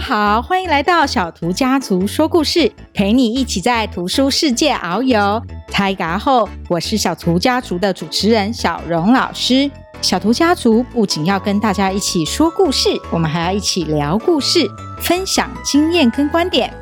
大家好，歡迎來到小圖家族說故事，陪你一起在圖書世界遨遊。猜嘎後，我是小圖家族的主持人小蓉老師。小圖家族不僅要跟大家一起說故事，我們還要一起聊故事，分享經驗跟觀點。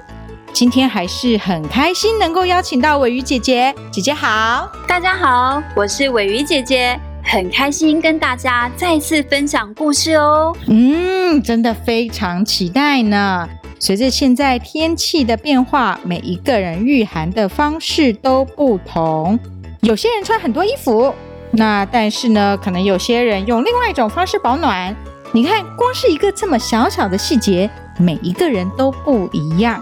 今天還是很開心能夠邀請到瑋瑜姐姐，姐姐好。大家好，我是瑋瑜姐姐。很開心跟大家再次分享故事哦。嗯，真的非常期待呢。隨着現在天氣的變化，每一個人御寒的方式都不同。有些人穿很多衣服，那但是呢，可能有些人用另外一種方式保暖。你看，光是一個這麼小小的細節，每一個人都不一樣。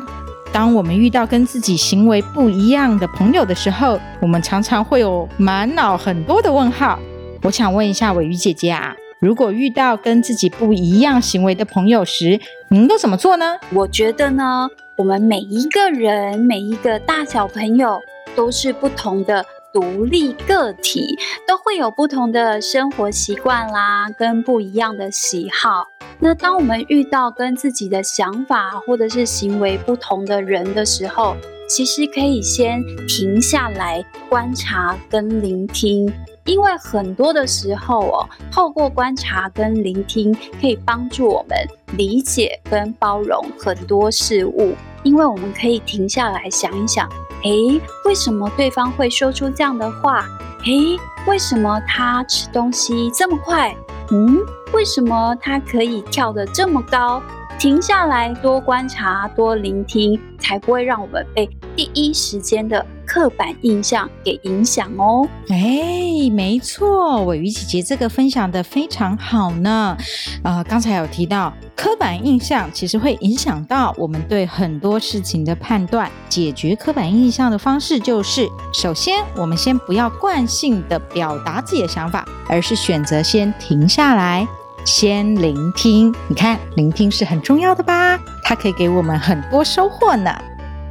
當我們遇到跟自己行為不一樣的朋友的時候，我們常常會有滿腦很多的問號。我想問一下瑋瑜姐姐啊，如果遇到跟自己不一樣行為的朋友時，您都怎麼做呢？我覺得呢，我們每一個人、每一個大小朋友都是不同的獨立個體，都會有不同的生活習慣啦，跟不一樣的喜好。那當我們遇到跟自己的想法或者是行為不同的人的時候，其實可以先停下來觀察跟聆聽。因為很多的時候哦，透過觀察跟聆聽，可以幫助我們理解跟包容很多事物。因為我們可以停下來想一想，誒，為什麼對方會說出這樣的話？誒，為什麼他吃東西這麼快？嗯，為什麼他可以跳得這麼高？停下來，多觀察，多聆聽，才不會讓我們被第一時間的。刻板印象給影響哦，哎，沒錯，瑋瑜姐姐這個分享的非常好呢。啊、呃，剛才有提到刻板印象其實會影響到我們對很多事情的判斷。解決刻板印象的方式就是，首先我們先不要慣性地表達自己的想法，而是選擇先停下來，先聆聽。你看，聆聽是很重要的吧？它可以給我們很多收穫呢。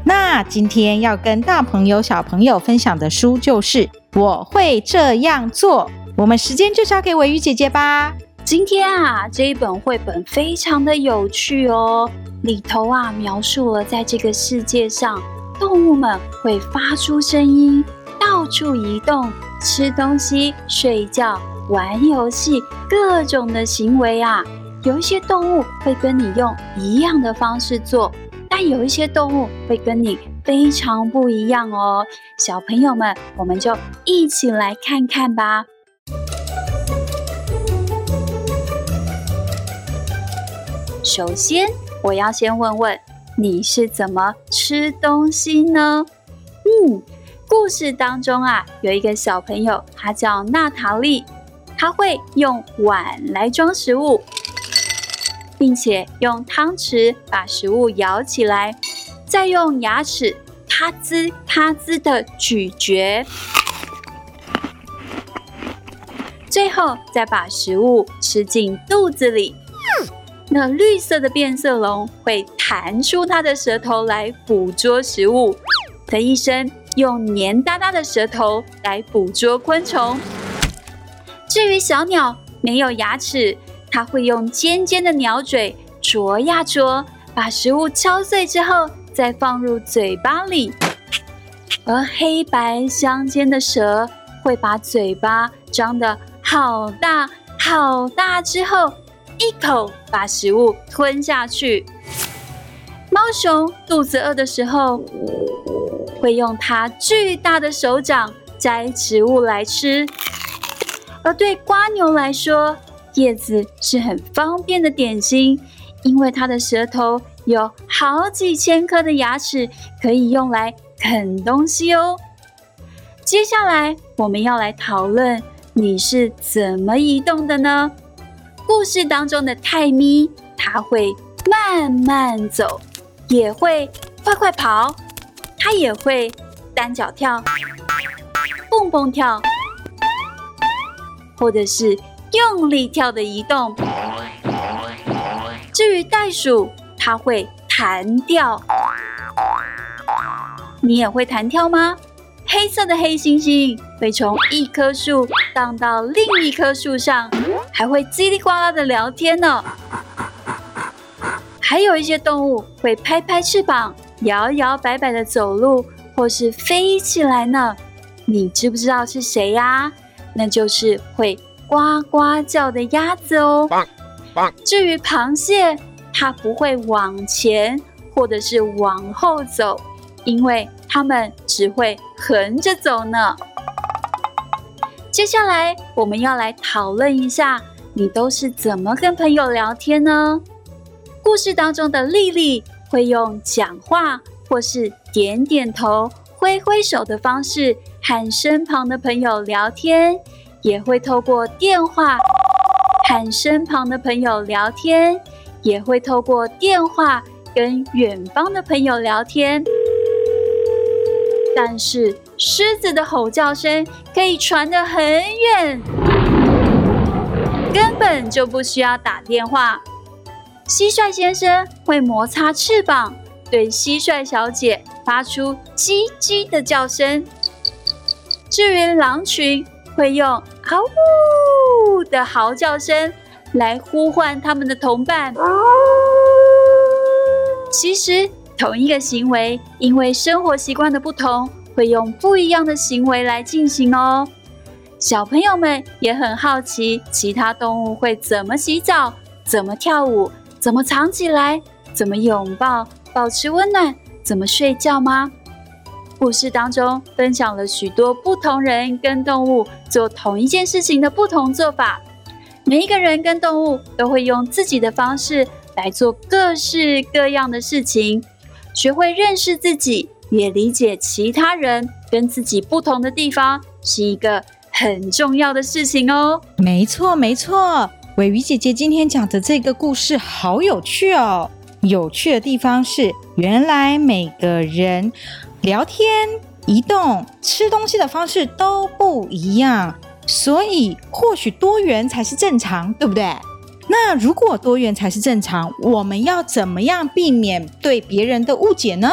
那今天要跟大朋友、小朋友分享的書就是《我會這樣做》，我們時間就交給尾魚姐姐吧。今天啊，這一本繪本非常的有趣哦，裡頭啊描述了在這個世界上，動物們會發出聲音、到處移動、吃東西、睡覺、玩遊戲，各種的行為啊，有一些動物會跟你用一樣的方式做。但有一些動物會跟你非常不一樣哦，小朋友們，我們就一起來看看吧。首先，我要先問問你是怎麼吃東西呢？嗯，故事當中啊，有一個小朋友，他叫娜塔莉，他會用碗來裝食物。並且用湯匙把食物舀起來，再用牙齒“咔吱咔吱”地咀嚼，最後再把食物吃進肚子裡。那綠色的變色龍會彈出它的舌頭來捕捉食物，的一聲，用黏噠噠的舌頭來捕捉昆蟲。至於小鳥，沒有牙齒。它會用尖尖的鳥嘴啄呀啄，把食物敲碎之後，再放入嘴巴裡；而黑白相間的蛇會把嘴巴張得好大好大之後，一口把食物吞下去。貓熊肚子餓的時候，會用它巨大的手掌摘植物來吃；而對蝸牛來說，葉子是很方便的點心，因為它的舌頭有好幾千顆的牙齒，可以用來啃東西哦、喔。接下來我們要來討論，你是怎麼移動的呢？故事當中的泰咪，它會慢慢走，也會快快跑，它也會單腳跳、蹦蹦跳，或者是。用力跳地移動。至於袋鼠，它會彈跳。你也會彈跳嗎？黑色的黑猩猩會從一棵樹盪到另一棵樹上，還會嘰里呱啦地聊天呢。還有一些動物會拍拍翅膀，搖搖擺擺地走路，或是飛起來呢。你知不知道是誰呀？那就是會。呱呱叫的鴨子哦，至於螃蟹，它不會往前或者是往後走，因為它們只會橫着走呢。接下來我們要來討論一下，你都是怎麼跟朋友聊天呢？故事當中的麗麗會用講話或是點點頭、揮揮手的方式和身旁的朋友聊天。也會透過電話和身旁的朋友聊天，也會透過電話跟遠方的朋友聊天。但是獅子的吼叫聲可以傳得很遠，根本就不需要打電話。蟋蟀先生會摩擦翅膀，對蟋蟀小姐發出“嘰嘰”的叫聲。至於狼群，會用嗷嗚的嚎叫聲來呼喚他們的同伴。其實同一個行為，因為生活習慣的不同，會用不一樣的行為來進行哦。小朋友們也很好奇，其他動物會怎麼洗澡、怎麼跳舞、怎麼藏起來、怎麼擁抱、保持溫暖、怎麼睡覺嗎？故事當中分享了許多不同人跟動物做同一件事情的不同做法。每一個人跟動物都會用自己的方式來做各式各樣的事情。學會認識自己，也理解其他人跟自己不同的地方，是一個很重要的事情喔。沒錯，沒錯。瑋瑜姐姐今天講的這個故事好有趣喔。有趣的地方是，原來每個人，聊天、移動、吃東西的方式都不一樣，所以或許多元才是正常，對不對？那如果多元才是正常，我們要怎麼樣避免對別人的誤解呢？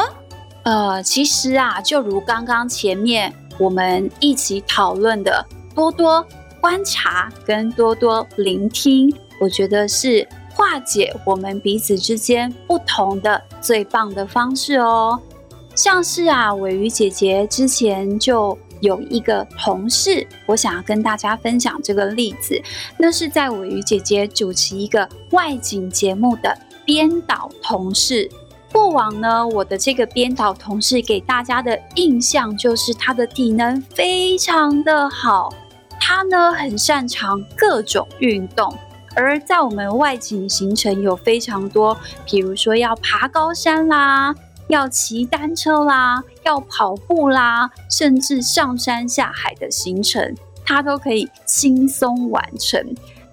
呃，其實啊，就如剛剛前面我們一起討論的，多多觀察跟多多聆聽，我覺得是化解我們彼此之間不同的最棒的方式哦、喔。像是啊，瑋瑜姐姐之前就有一個同事，我想要跟大家分享這個例子。那是在瑋瑜姐姐主持一個外景節目的編導同事。過往呢，我的這個編導同事給大家的印象就是他的體能非常的好，他呢很擅長各種運動。而在我們外景行程有非常多，比如說要爬高山啦。要騎單車啦，要跑步啦，甚至上山下海的行程，他都可以輕鬆完成。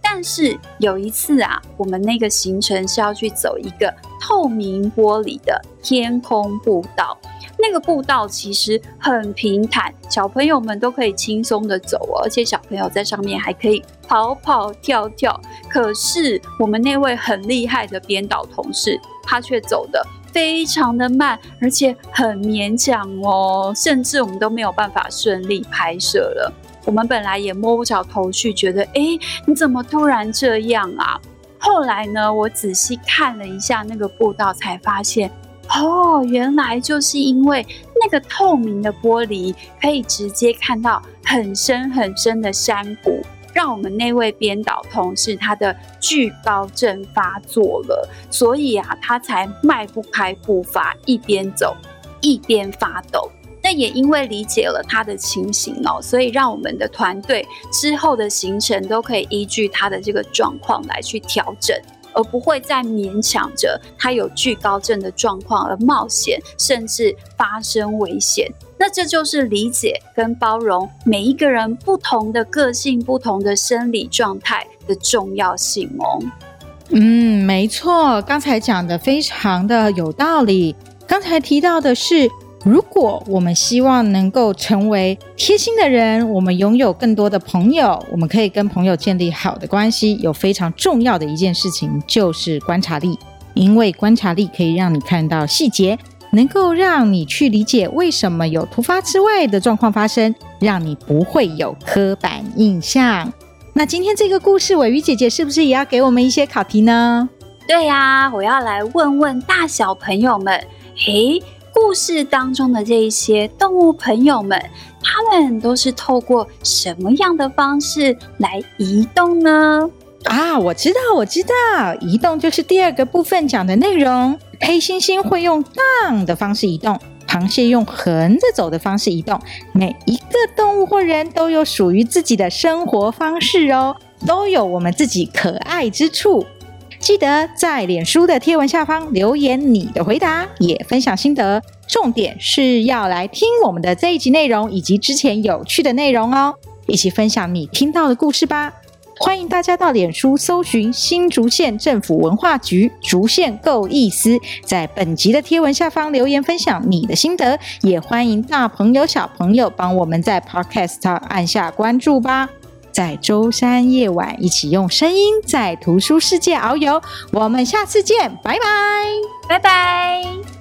但是有一次啊，我們那個行程是要去走一個透明玻璃的天空步道，那個步道其實很平坦，小朋友們都可以輕鬆地走，而且小朋友在上面還可以跑跑跳跳。可是我們那位很厲害的編導同事，他卻走的，非常的慢，而且很勉強哦，甚至我們都沒有辦法順利拍攝了。我們本來也摸不着頭緒，覺得哎，你怎麼突然這樣啊？後來呢，我仔細看了一下那個步道，才發現哦，原來就是因為那個透明的玻璃，可以直接看到很深很深的山谷。像我們那位編導同事，他的懼高症發作了，所以啊，他才邁不開步伐，一邊走一邊發抖。那也因為理解了他的情形哦，所以讓我們的團隊之後的行程都可以依據他的這個狀況來去調整。而不會再勉強着他有懼高症的狀況而冒險，甚至發生危險。那這就是理解跟包容每一個人不同的個性、不同的生理狀態的重要性哦。嗯，沒錯，剛才講得非常的有道理。剛才提到的是。如果我們希望能夠成為貼心的人，我們擁有更多的朋友，我們可以跟朋友建立好的關係。有非常重要的一件事情就是觀察力，因為觀察力可以讓你看到細節，能夠讓你去理解為什麼有突發之外的狀況發生，讓你不會有刻板印象。那今天這個故事，瑋瑜姐姐是不是也要給我們一些考題呢？對呀、啊，我要來問問大小朋友們，嘿、欸。故事當中的這一些動物朋友們，他們都是透過什麼樣的方式來移動呢？啊，我知道，我知道，移動就是第二個部分講的內容。黑猩猩會用盪的方式移動，螃蟹用橫着走的方式移動。每一個動物或人都有屬於自己的生活方式哦，都有我們自己可愛之處。記得在臉書的貼文下方留言你的回答，也分享心得。重點是要來聽我們的這一集內容以及之前有趣的內容哦，一起分享你聽到的故事吧。歡迎大家到臉書搜尋新竹縣政府文化局，竹縣夠意思。在本集的貼文下方留言分享你的心得，也歡迎大朋友小朋友幫我們在 Podcast 按下關注吧。在週三夜晚，一起用聲音在圖書世界遨遊。我們下次見，拜拜，拜拜。